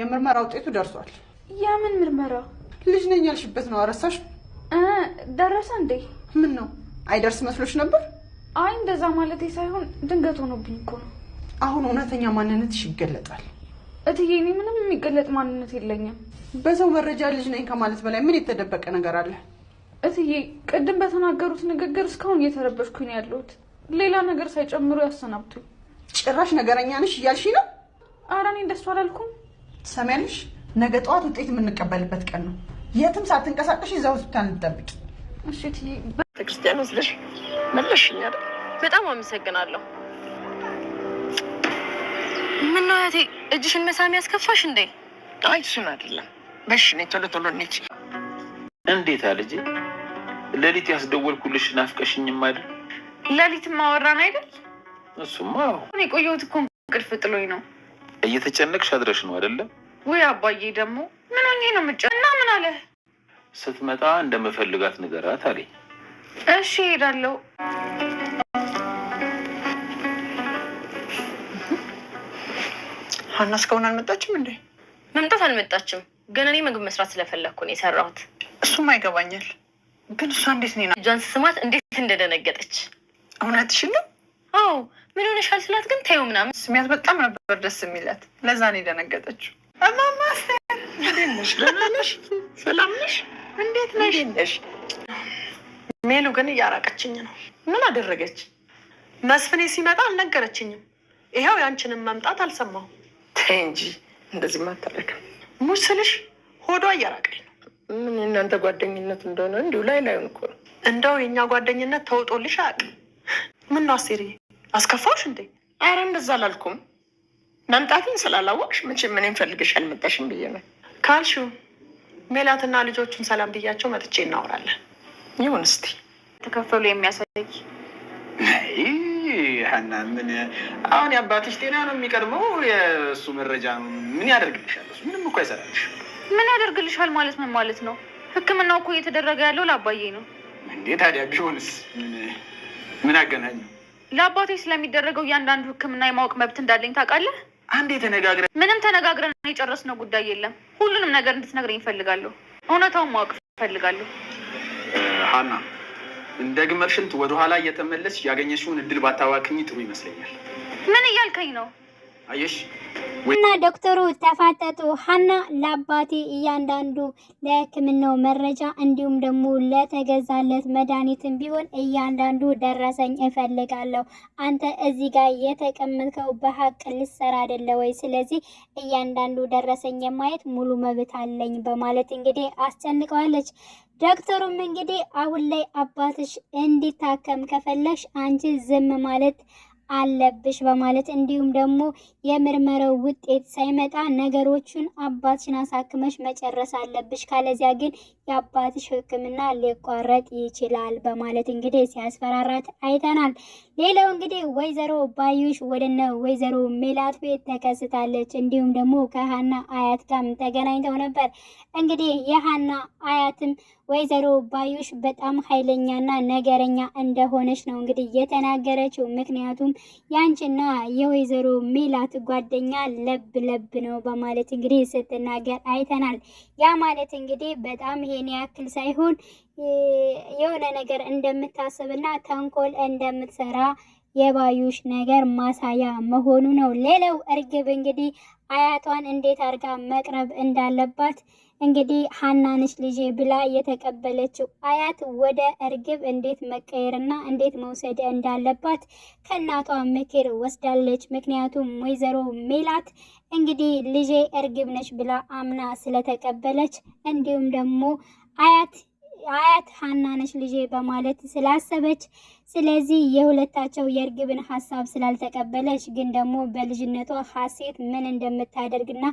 የምርመራ ውጤቱ ደርሷል። የምን ምርመራ? ልጅ ነኝ ያልሽበት ነው። አረሳሽ? ደረሰ እንዴ? ምን ነው አይደርስ መስሎች ነበር? አይ እንደዛ ማለቴ ሳይሆን ድንገት ሆኖብኝ እኮ ነው። አሁን እውነተኛ ማንነትሽ ይገለጣል። እትዬ፣ እኔ ምንም የሚገለጥ ማንነት የለኝም። በሰው መረጃ ልጅ ነኝ ከማለት በላይ ምን የተደበቀ ነገር አለ? እትዬ፣ ቅድም በተናገሩት ንግግር እስካሁን እየተረበሽኩኝ ነው ያለሁት። ሌላ ነገር ሳይጨምሩ ያሰናብቱኝ። ጭራሽ ነገረኛ ነሽ እያልሽ ነው? ኧረ እኔ እንደሱ አላልኩም። ትሰሚያለሽ? ነገ ጠዋት ውጤት የምንቀበልበት ቀን ነው። የትም ሳትንቀሳቀሽ እዛ ሆስፒታል እንጠብቅ። ቤተክርስቲያን ወስደሽ መለሽኛል። በጣም አመሰግናለሁ። ምነው እህቴ እጅሽን መሳሚ ያስከፋሽ እንዴ? አይ እሱን አይደለም። በሽ ነ ቶሎ ቶሎ ነች። እንዴት ልጄ፣ ሌሊት ያስደወልኩልሽ ናፍቀሽኝም አይደል? ሌሊት ማወራን አይደል? እሱማ እኔ ቆየሁት እኮ እንቅልፍ ጥሎኝ ነው እየተጨነቅሽ አድረሽ ነው አይደለም ወይ? አባዬ ደግሞ ምን ሆኜ ነው ምጫ እና ምን አለ ስትመጣ እንደምፈልጋት ንገራት አለኝ። እሺ እሄዳለሁ። ሀና እስካሁን አልመጣችም እንዴ? መምጣት አልመጣችም። ገና እኔ ምግብ መስራት ስለፈለግኩ ነው የሰራሁት። እሱም አይገባኛል፣ ግን እሷ እንዴት ነው ጃንስ ስማት እንዴት እንደደነገጠች እውነትሽ ነው አዎ ምን ሆነሻል ስላት ግን ተይው ምናምን ስሚያት በጣም ነበር ደስ የሚለት ለዛ ነው የደነገጠችው። እማማ ሰላም ነሽ? እንዴት ነሽ? ሜሉ ግን እያራቀችኝ ነው። ምን አደረገች? መስፍኔ ሲመጣ አልነገረችኝም። ይኸው ያንችንም መምጣት አልሰማሁም። ተይ እንጂ እንደዚህ ማታረግ ሙች ስልሽ ሆዷ እያራቀኝ ነው። ምን የእናንተ ጓደኝነት እንደሆነ እንዲሁ ላይ ላይ እኮ እንደው የእኛ ጓደኝነት ተውጦልሽ አያውቅም። ምን ነው አስቴርዬ አስከፋሽ እንዴ? አረ እንደዛ አላልኩም። መምጣትን ስላላወቅሽ መቼም እኔም ፈልግሽ አልመጣሽም ብዬ ነው ካልሽው፣ ሜላትና ልጆቹን ሰላም ብያቸው መጥቼ እናወራለን። ይሁን እስቲ ተከፈሉ የሚያሳይ ሀና፣ ምን አሁን የአባትሽ ጤና ነው የሚቀድመው የእሱ መረጃ ምን ያደርግልሻል? ምንም እኮ አይሰራልሽ። ምን ያደርግልሻል ማለት ምን ማለት ነው? ሕክምናው እኮ እየተደረገ ያለው ለአባዬ ነው እንዴ። ታዲያ ቢሆንስ ምን አገናኘው? ለአባቴ ስለሚደረገው እያንዳንዱ ሕክምና የማወቅ መብት እንዳለኝ ታውቃለህ። አንዴ ተነጋግረን ምንም ተነጋግረን የጨረስነው ጉዳይ የለም። ሁሉንም ነገር እንድትነግረኝ ይፈልጋለሁ እውነታውን ማወቅ እፈልጋለሁ። ሀና እንደ ግመል ሽንት ወደኋላ እየተመለስ ያገኘሽውን እድል ባታባክኝ ጥሩ ይመስለኛል። ምን እያልከኝ ነው? እና ዶክተሩ ተፋጠጡ። ሀና ለአባቴ እያንዳንዱ ለሕክምናው መረጃ እንዲሁም ደግሞ ለተገዛለት መድኃኒትም ቢሆን እያንዳንዱ ደረሰኝ እፈልጋለሁ። አንተ እዚህ ጋር የተቀመጥከው በሀቅ ልሰራ አይደለ ወይ? ስለዚህ እያንዳንዱ ደረሰኝ የማየት ሙሉ መብት አለኝ በማለት እንግዲህ አስጨንቀዋለች። ዶክተሩም እንግዲህ አሁን ላይ አባትሽ እንዲታከም ከፈለግሽ አንቺ ዝም ማለት አለብሽ በማለት እንዲሁም ደግሞ የምርመራው ውጤት ሳይመጣ ነገሮቹን አባትሽን አሳክመሽ መጨረስ አለብሽ፣ ካለዚያ ግን የአባትሽ ሕክምና ሊቋረጥ ይችላል በማለት እንግዲህ ሲያስፈራራት አይተናል። ሌላው እንግዲህ ወይዘሮ ባዩሽ ወደነ ወይዘሮ ሜላት ቤት ተከስታለች። እንዲሁም ደግሞ ከሀና አያት ጋርም ተገናኝተው ነበር። እንግዲህ የሀና አያትም ወይዘሮ ባዩሽ በጣም ኃይለኛና ነገረኛ እንደሆነች ነው እንግዲህ የተናገረችው። ምክንያቱም ያንቺና የወይዘሮ ሜላት ጓደኛ ለብ ለብ ነው በማለት እንግዲህ ስትናገር አይተናል። ያ ማለት እንግዲህ በጣም ይሄን ያክል ሳይሆን የሆነ ነገር እንደምታስብና ተንኮል እንደምትሰራ የባዩሽ ነገር ማሳያ መሆኑ ነው። ሌላው እርግብ እንግዲህ አያቷን እንዴት አድርጋ መቅረብ እንዳለባት እንግዲህ ሀናንሽ ልጄ ብላ የተቀበለችው አያት ወደ እርግብ እንዴት መቀየርና እንዴት መውሰድ እንዳለባት ከእናቷ ምክር ወስዳለች። ምክንያቱም ወይዘሮ ሜላት እንግዲህ ልጄ እርግብ ነች ብላ አምና ስለተቀበለች እንዲሁም ደግሞ አያት አያት ሀና ነች ልጄ በማለት ስላሰበች፣ ስለዚህ የሁለታቸው የእርግብን ሀሳብ ስላልተቀበለች፣ ግን ደግሞ በልጅነቷ ሀሴት ምን እንደምታደርግና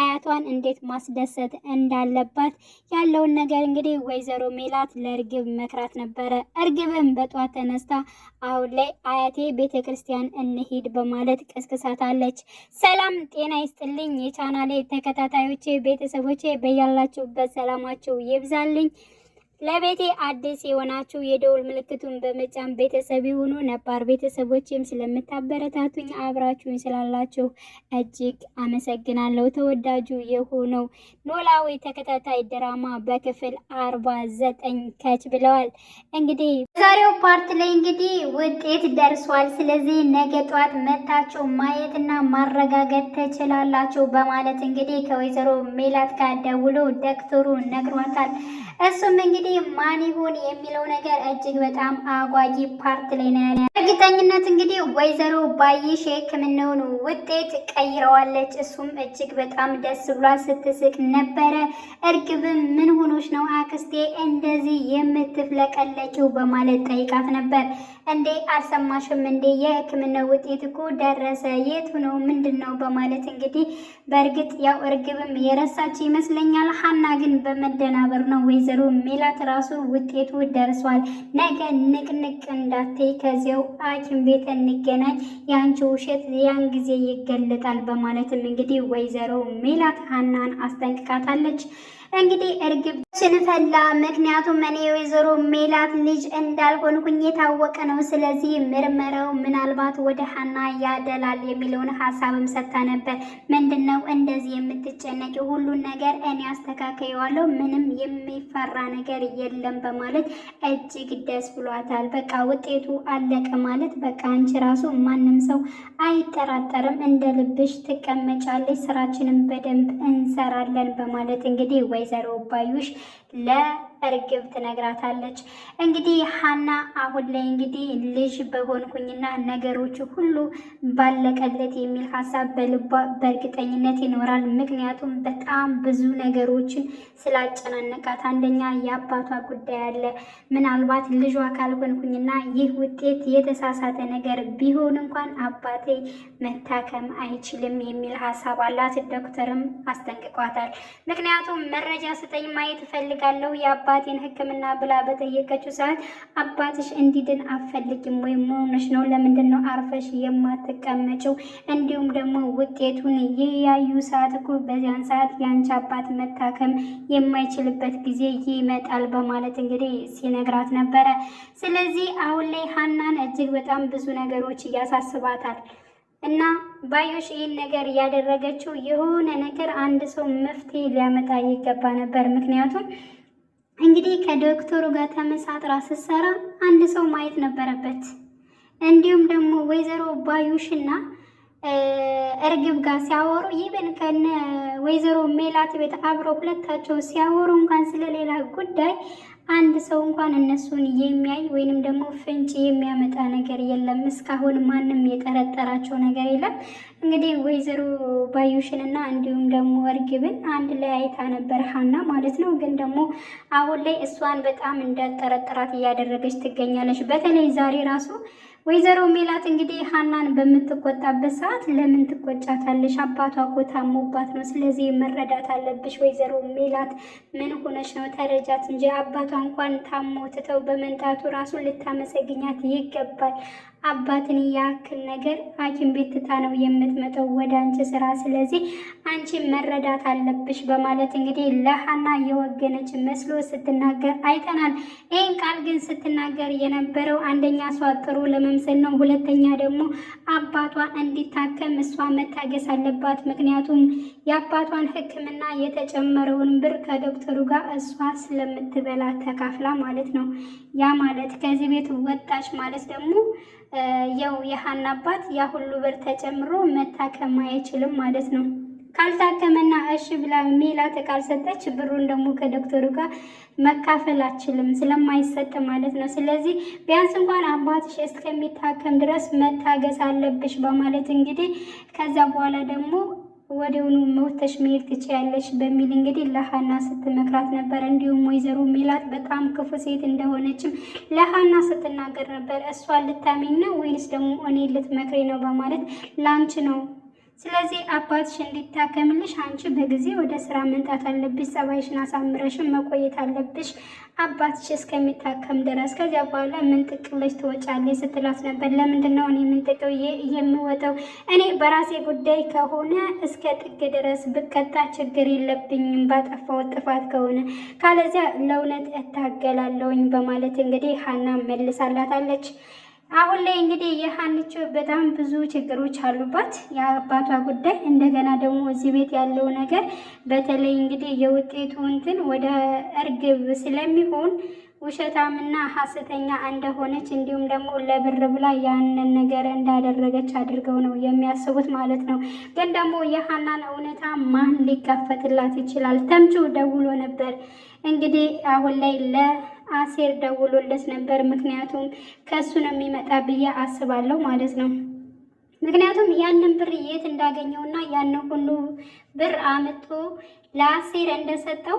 አያቷን እንዴት ማስደሰት እንዳለባት ያለውን ነገር እንግዲህ ወይዘሮ ሜላት ለእርግብ መክራት ነበረ። እርግብም በጧት ተነስታ አሁን ላይ አያቴ ቤተ ክርስቲያን እንሂድ በማለት ቀስቅሳታለች። ሰላም ጤና ይስጥልኝ የቻናሌ ተከታታዮቼ ቤተሰቦቼ በያላችሁበት ሰላማችሁ ይብዛልኝ። ለቤቴ አዲስ የሆናችሁ የደውል ምልክቱን በመጫን ቤተሰብ የሆኑ ነባር ቤተሰቦችም ስለምታበረታቱኝ አብራችሁኝ ስላላችሁ እጅግ አመሰግናለሁ። ተወዳጁ የሆነው ኖላዊ ተከታታይ ድራማ በክፍል አርባ ዘጠኝ ከች ብለዋል። እንግዲህ ዛሬው ፓርት ላይ እንግዲህ ውጤት ደርሷል። ስለዚህ ነገ ጠዋት መታችሁ ማየትና ማረጋገጥ ትችላላችሁ በማለት እንግዲህ ከወይዘሮ ሜላት ጋር ደውሎ ዶክተሩ ነግሯታል። እሱም እንግዲህ እንግዲህ ማን ይሁን የሚለው ነገር እጅግ በጣም አጓጊ ፓርት ላይ ነው ያለ። እርግጠኝነት እንግዲህ ወይዘሮ ባይሽ የሕክምናውን ውጤት ቀይረዋለች። እሱም እጅግ በጣም ደስ ብሏል። ስትስቅ ነበረ። እርግብም ምን ሆኖች ነው አክስቴ እንደዚህ የምትፍለቀለችው በማለት ጠይቃት ነበር። እንዴ አልሰማሽም እንዴ የህክምናው ውጤት እኮ ደረሰ፣ የቱ ነው ምንድን ነው በማለት እንግዲህ በእርግጥ ያው እርግብም የረሳች ይመስለኛል። ሀና ግን በመደናበር ነው ወይዘሮ ሜላ ሰዓት ራሱ ውጤቱ ደርሷል። ነገ ንቅንቅ እንዳትይ ከዚያው ሐኪም ቤት እንገናኝ፣ የአንቺ ውሸት ያን ጊዜ ይገለጣል በማለትም እንግዲህ ወይዘሮ ሜላት ሀናን አስጠንቅቃታለች። እንግዲህ እርግብ ስንፈላ ምክንያቱም እኔ ወይዘሮ ሜላት ልጅ እንዳልሆንኩኝ የታወቀ ነው። ስለዚህ ምርመራው ምናልባት ወደ ሀና ያደላል የሚለውን ሀሳብም ሰጥታ ነበር። ምንድን ነው እንደዚህ የምትጨነቂ? ሁሉን ነገር እኔ አስተካከየዋለሁ፣ ምንም የሚፈራ ነገር የለም በማለት እጅግ ደስ ብሏታል። በቃ ውጤቱ አለቀ ማለት በቃ አንቺ ራሱ ማንም ሰው አይጠራጠርም፣ እንደ ልብሽ ትቀመጫለች፣ ስራችንን በደንብ እንሰራለን በማለት እንግዲህ ወይ ወይዘሮ ባዩሽ ለ እርግብ ትነግራታለች። እንግዲህ ሀና አሁን ላይ እንግዲህ ልጅ በሆንኩኝና ነገሮች ሁሉ ባለቀለት የሚል ሀሳብ በልቧ በእርግጠኝነት ይኖራል። ምክንያቱም በጣም ብዙ ነገሮችን ስላጨናነቃት፣ አንደኛ የአባቷ ጉዳይ አለ። ምናልባት ልጇ ካልሆንኩኝና ይህ ውጤት የተሳሳተ ነገር ቢሆን እንኳን አባቴ መታከም አይችልም የሚል ሀሳብ አላት። ዶክተርም አስጠንቅቋታል። ምክንያቱም መረጃ ስጠኝ ማየት እፈልጋለሁ የአባ የአባቴን ሕክምና ብላ በጠየቀችው ሰዓት አባትሽ እንዲድን አፈልግም ወይም መሆንሽ ነው? ለምንድን ነው አርፈሽ የማትቀመጭው? እንዲሁም ደግሞ ውጤቱን የያዩ ሰዓት እኮ በዚያን ሰዓት የአንቺ አባት መታከም የማይችልበት ጊዜ ይመጣል በማለት እንግዲህ ሲነግራት ነበረ። ስለዚህ አሁን ላይ ሀናን እጅግ በጣም ብዙ ነገሮች እያሳስባታል። እና ባዮሽ ይህን ነገር ያደረገችው የሆነ ነገር አንድ ሰው መፍትሄ ሊያመጣ ይገባ ነበር ምክንያቱም እንግዲህ ከዶክተሩ ጋር ተመሳጥራ ስትሰራ አንድ ሰው ማየት ነበረበት። እንዲሁም ደግሞ ወይዘሮ ባዩሽና እርግብ ጋር ሲያወሩ ይብን ከነ ወይዘሮ ሜላት ቤት አብረው ሁለታቸው ሲያወሩ እንኳን ስለሌላ ጉዳይ አንድ ሰው እንኳን እነሱን የሚያይ ወይንም ደግሞ ፍንጭ የሚያመጣ ነገር የለም። እስካሁን ማንም የጠረጠራቸው ነገር የለም። እንግዲህ ወይዘሮ ባዩሽንና እንዲሁም ደግሞ እርግብን አንድ ላይ አይታ ነበር ሀና ማለት ነው። ግን ደግሞ አሁን ላይ እሷን በጣም እንዳጠረጠራት እያደረገች ትገኛለች። በተለይ ዛሬ ራሱ ወይዘሮ ሜላት እንግዲህ ሀናን በምትቆጣበት ሰዓት ለምን ትቆጫታለሽ? አባቷ እኮ ታሞባት ነው። ስለዚህ መረዳት አለብሽ። ወይዘሮ ሜላት ምን ሆነች ነው? ተረጃት እንጂ አባቷ እንኳን ታሞ ትተው በመንጣቱ ራሱ ልታመሰግኛት ይገባል። አባትን ያክል ነገር ሐኪም ቤት ትታ ነው የምትመጣው ወደ አንቺ ስራ፣ ስለዚህ አንቺ መረዳት አለብሽ በማለት እንግዲህ ለሀና የወገነች መስሎ ስትናገር አይተናል። ይህን ቃል ግን ስትናገር የነበረው አንደኛ እሷ ጥሩ ለመምሰል ነው፣ ሁለተኛ ደግሞ አባቷ እንዲታከም እሷ መታገስ አለባት። ምክንያቱም የአባቷን ሕክምና የተጨመረውን ብር ከዶክተሩ ጋር እሷ ስለምትበላ ተካፍላ ማለት ነው። ያ ማለት ከዚህ ቤት ወጣች ማለት ደግሞ ያው የሀና አባት ያ ሁሉ ብር ተጨምሮ መታከም አይችልም ማለት ነው። ካልታከመና እሺ ብላ ሜላት ካልሰጠች ብሩን ደግሞ ከዶክተሩ ጋር መካፈል አችልም ስለማይሰጥ ማለት ነው። ስለዚህ ቢያንስ እንኳን አባትሽ እስከሚታከም ድረስ መታገስ አለብሽ በማለት እንግዲህ ከዛ በኋላ ደግሞ ወዲያውኑ መውተሽ መሄድ ትችያለሽ በሚል እንግዲህ ለሀና ስትመክራት ነበር። እንዲሁም ወይዘሮ ሜላት በጣም ክፉ ሴት እንደሆነችም ለሀና ስትናገር ነበር። እሷ ልታሚኝ ነው ወይንስ ደግሞ እኔ ልትመክሬ ነው በማለት ላንቺ ነው ስለዚህ አባትሽ እንዲታከምልሽ አንቺ በጊዜ ወደ ስራ መምጣት አለብሽ። ጸባይሽን አሳምረሽን መቆየት አለብሽ አባትሽ እስከሚታከም ድረስ። ከዚያ በኋላ ምን ጥቅለሽ ትወጫለሽ ስትላት ነበር። ለምንድን ነው እኔ ምን ጥቅው የምወጣው? እኔ በራሴ ጉዳይ ከሆነ እስከ ጥግ ድረስ ብከታ ችግር የለብኝም፣ ባጠፋው ጥፋት ከሆነ ካለዚያ ለእውነት እታገላለሁኝ በማለት እንግዲህ ሀና መልሳላታለች። አሁን ላይ እንግዲህ የሀንቾ በጣም ብዙ ችግሮች አሉባት። የአባቷ ጉዳይ እንደገና ደግሞ እዚህ ቤት ያለው ነገር በተለይ እንግዲህ የውጤቱ እንትን ወደ እርግብ ስለሚሆን ውሸታምና ሀሰተኛ እንደሆነች እንዲሁም ደግሞ ለብር ብላ ያንን ነገር እንዳደረገች አድርገው ነው የሚያስቡት ማለት ነው። ግን ደግሞ የሀናን እውነታ ማን ሊጋፈጥላት ይችላል? ተምቹ ደውሎ ነበር እንግዲህ አሁን ላይ ለ አሴር ደውሎለት ነበር። ምክንያቱም ከእሱ ነው የሚመጣ ብዬ አስባለሁ ማለት ነው። ምክንያቱም ያንን ብር የት እንዳገኘውና ያን ሁሉ ብር አምጥቶ ለአሴር እንደሰጠው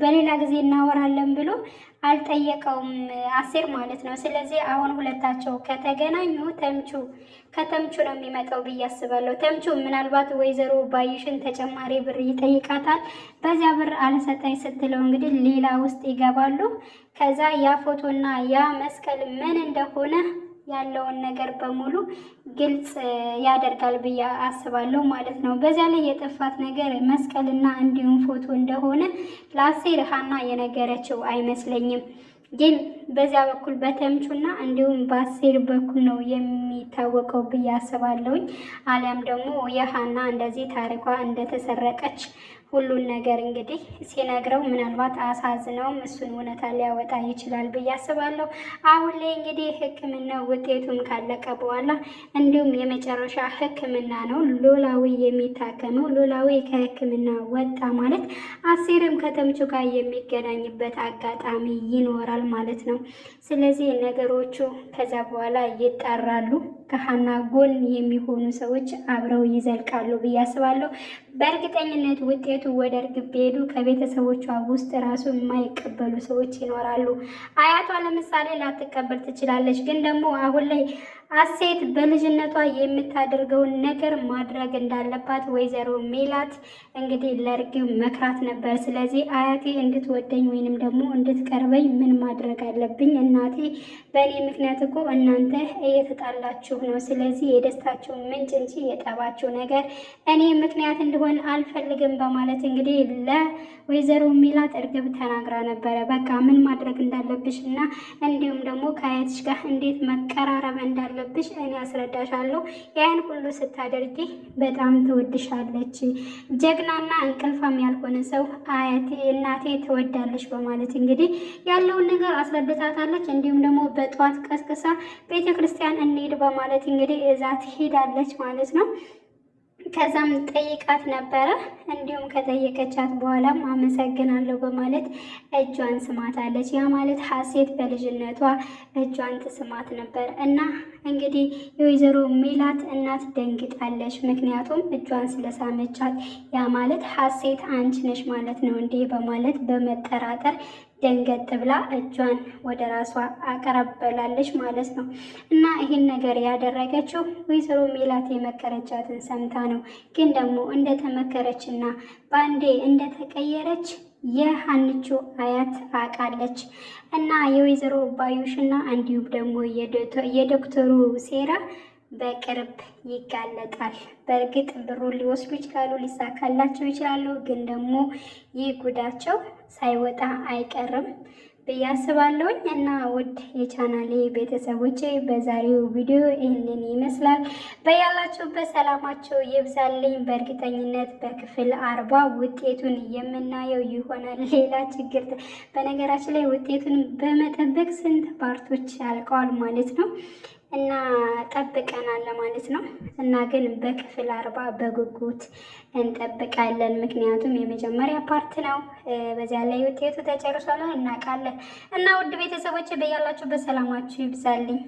በሌላ ጊዜ እናወራለን ብሎ አልጠየቀውም አሴር ማለት ነው። ስለዚህ አሁን ሁለታቸው ከተገናኙ ተምቹ ከተምቹ ነው የሚመጣው ብዬ አስባለሁ። ተምቹ ምናልባት ወይዘሮ ባይሽን ተጨማሪ ብር ይጠይቃታል። በዚያ ብር አልሰጠኝ ስትለው እንግዲህ ሌላ ውስጥ ይገባሉ። ከዛ ያ ፎቶና ያ መስቀል ምን እንደሆነ ያለውን ነገር በሙሉ ግልጽ ያደርጋል ብዬ አስባለሁ ማለት ነው። በዚያ ላይ የጠፋት ነገር መስቀልና እንዲሁም ፎቶ እንደሆነ ለአሴር ሀና የነገረችው አይመስለኝም። ግን በዚያ በኩል በተምቹና እንዲሁም በአሴር በኩል ነው የሚታወቀው ብዬ አስባለሁኝ። አሊያም ደግሞ የሀና እንደዚህ ታሪኳ እንደተሰረቀች ሁሉን ነገር እንግዲህ ሲነግረው ምናልባት አሳዝነውም እሱን እውነታ ሊያወጣ ይችላል ብዬ አስባለሁ። አሁን ላይ እንግዲህ ሕክምና ውጤቱም ካለቀ በኋላ እንዲሁም የመጨረሻ ሕክምና ነው ሎላዊ የሚታከመው። ሎላዊ ከሕክምና ወጣ ማለት አሴርም ከተምቹ ጋር የሚገናኝበት አጋጣሚ ይኖራል ማለት ነው። ስለዚህ ነገሮቹ ከዛ በኋላ ይጠራሉ። ከሀና ጎን የሚሆኑ ሰዎች አብረው ይዘልቃሉ ብዬ አስባለሁ። በእርግጠኝነት ውጤቱ ወደ እርግብ ቢሄዱ ከቤተሰቦቿ ውስጥ ራሱ የማይቀበሉ ሰዎች ይኖራሉ። አያቷ ለምሳሌ ላትቀበል ትችላለች፣ ግን ደግሞ አሁን ላይ አሴት በልጅነቷ የምታደርገውን ነገር ማድረግ እንዳለባት ወይዘሮ ሜላት እንግዲህ ለእርግብ መክራት ነበር። ስለዚህ አያቴ እንድትወደኝ ወይንም ደግሞ እንድትቀርበኝ ምን ማድረግ አለብኝ? እናቴ በእኔ ምክንያት እኮ እናንተ እየተጣላችሁ ነው። ስለዚህ የደስታችሁ ምንጭ እንጂ የጠባችሁ ነገር እኔ ምክንያት እንደሆን አልፈልግም በማለት እንግዲህ ለወይዘሮ ሜላት እርግብ ተናግራ ነበረ። በቃ ምን ማድረግ እንዳለብሽ እና እንዲሁም ደግሞ ከአያትሽ ጋር እንዴት መቀራረብ እንዳለ እንዳለብሽ እኔ አስረዳሻለሁ። ያን ሁሉ ስታደርጊ በጣም ትወድሻለች። ጀግናና እንቅልፋም ያልሆነ ሰው አያቴ እናቴ ትወዳለች በማለት እንግዲህ ያለውን ነገር አስረድታታለች። እንዲሁም ደግሞ በጠዋት ቀስቅሳ ቤተ ክርስቲያን እንሄድ በማለት እንግዲህ እዛ ትሄዳለች ማለት ነው። ከዛም ጠይቃት ነበረ። እንዲሁም ከጠየቀቻት በኋላም አመሰግናለሁ በማለት እጇን ስማታለች። ያ ማለት ሀሴት በልጅነቷ እጇን ትስማት ነበር እና እንግዲህ የወይዘሮ ሜላት እናት ደንግጣለች። ምክንያቱም እጇን ስለሳመቻት ያ ማለት ሀሴት አንቺ ነሽ ማለት ነው እንዴ በማለት በመጠራጠር ደንገጥ ብላ እጇን ወደ ራሷ አቀረበላለች ማለት ነው። እና ይህን ነገር ያደረገችው ወይዘሮ ሜላት የመከረቻትን ሰምታ ነው። ግን ደግሞ እንደተመከረች እና በአንዴ እንደተቀየረች የሀንቾ አያት አውቃለች እና የወይዘሮ ባዩሽ እና እንዲሁም ደግሞ የዶክተሩ ሴራ በቅርብ ይጋለጣል። በእርግጥ ብሩን ሊወስዱ ይችላሉ፣ ሊሳካላቸው ይችላሉ። ግን ደግሞ ይህ ጉዳቸው ሳይወጣ አይቀርም። ብዬ አስባለሁኝ እና ውድ የቻናሌ ቤተሰቦች በዛሬው ቪዲዮ ይህንን ይመስላል። በያላችሁበት በሰላማቸው ይብዛልኝ። በእርግጠኝነት በክፍል አርባ ውጤቱን የምናየው ይሆናል። ሌላ ችግር በነገራችን ላይ ውጤቱን በመጠበቅ ስንት ፓርቶች ያልቀዋል ማለት ነው። እና ጠብቀናል ማለት ነው። እና ግን በክፍል አርባ በጉጉት እንጠብቃለን። ምክንያቱም የመጀመሪያ ፓርት ነው። በዚያ ላይ ውጤቱ ተጨርሷል እናውቃለን። እና ውድ ቤተሰቦች በያላችሁ በሰላማችሁ ይብዛልኝ።